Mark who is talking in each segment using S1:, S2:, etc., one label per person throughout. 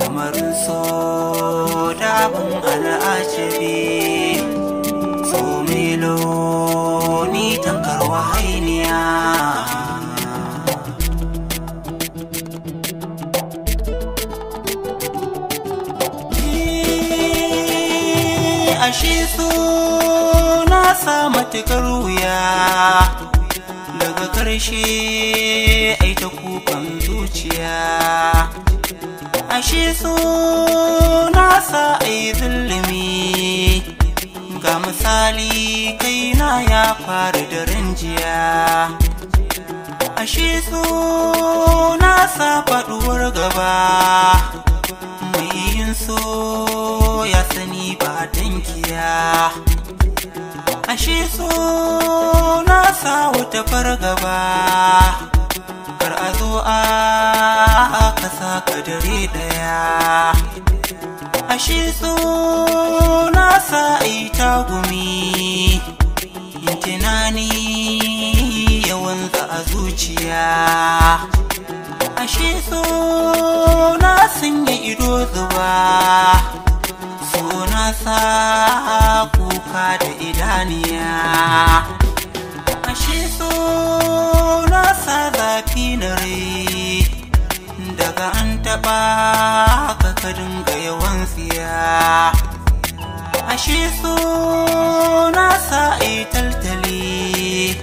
S1: lamarin so da abin al'ajabi so milo ni tankar wahainiya ashe su na sa matukar wuya karshe ai ta kukan zuciya ashe na nasa ai zulumi ga misali kaina ya faru da jiya ashe na nasa faduwar gaba mai yin so ya sani ba dankiya ashe so na sa wata fargaba kar a zo a sa ka dare daya ashe so na sa ita gumi in tunani yawan za a zuciya ashe so na yi ido zuba sa kuka da idaniya ashe so na sa zafi na rai daga an taɓa ka ka dinga yawan siya ashe so na sa yi taltali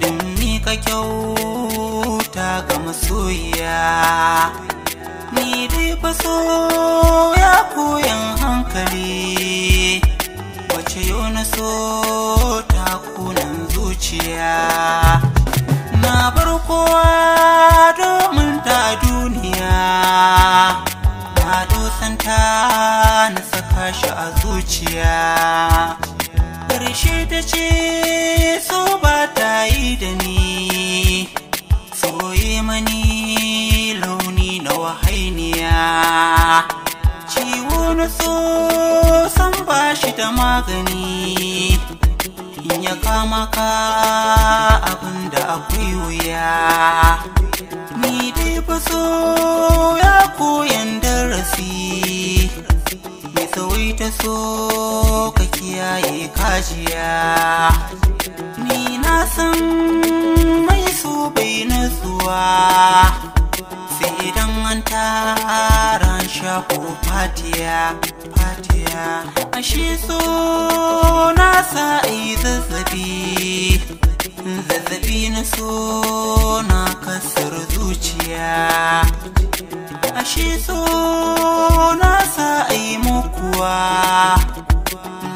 S1: dimmi ka kyauta ga masoyiya ni dai faso. na so takunan zuciya na bar kowa domin ta duniya na dosanta na saka shi a zuciya ƙarshe ta ce so ba ta yi da ni soye mani launi na wahainiya ciwo na so kan ba shi da magani in ya kama ka abin da akwai wuya ni dai fa so ya koyan darasi mai sauyi ta so ka kiyaye kajiya ni na san mai so bai nutsuwa sai idan an tara sha ko fatiya ashe so na sa yi zazzabi zazzabi na so na kasar zuciya ashe so na sa yi mukuwa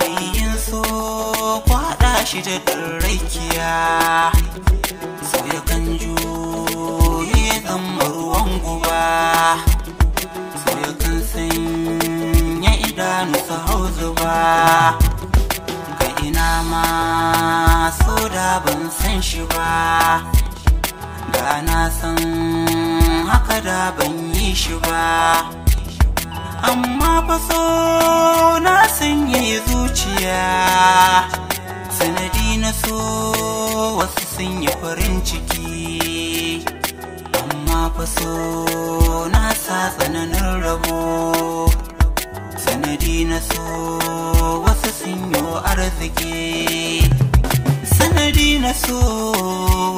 S1: yin so kwada shi da tsirrakiya so ya kanju ga ina ma so da ban san shi ba da na san haka da ban yi shi ba amma fa so na sanya zuciya sanadi na so wasu sun yi farin ciki amma fa so na sa tsananin rabo sanadi na so arziki na so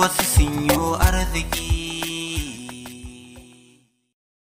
S1: wasu sun yi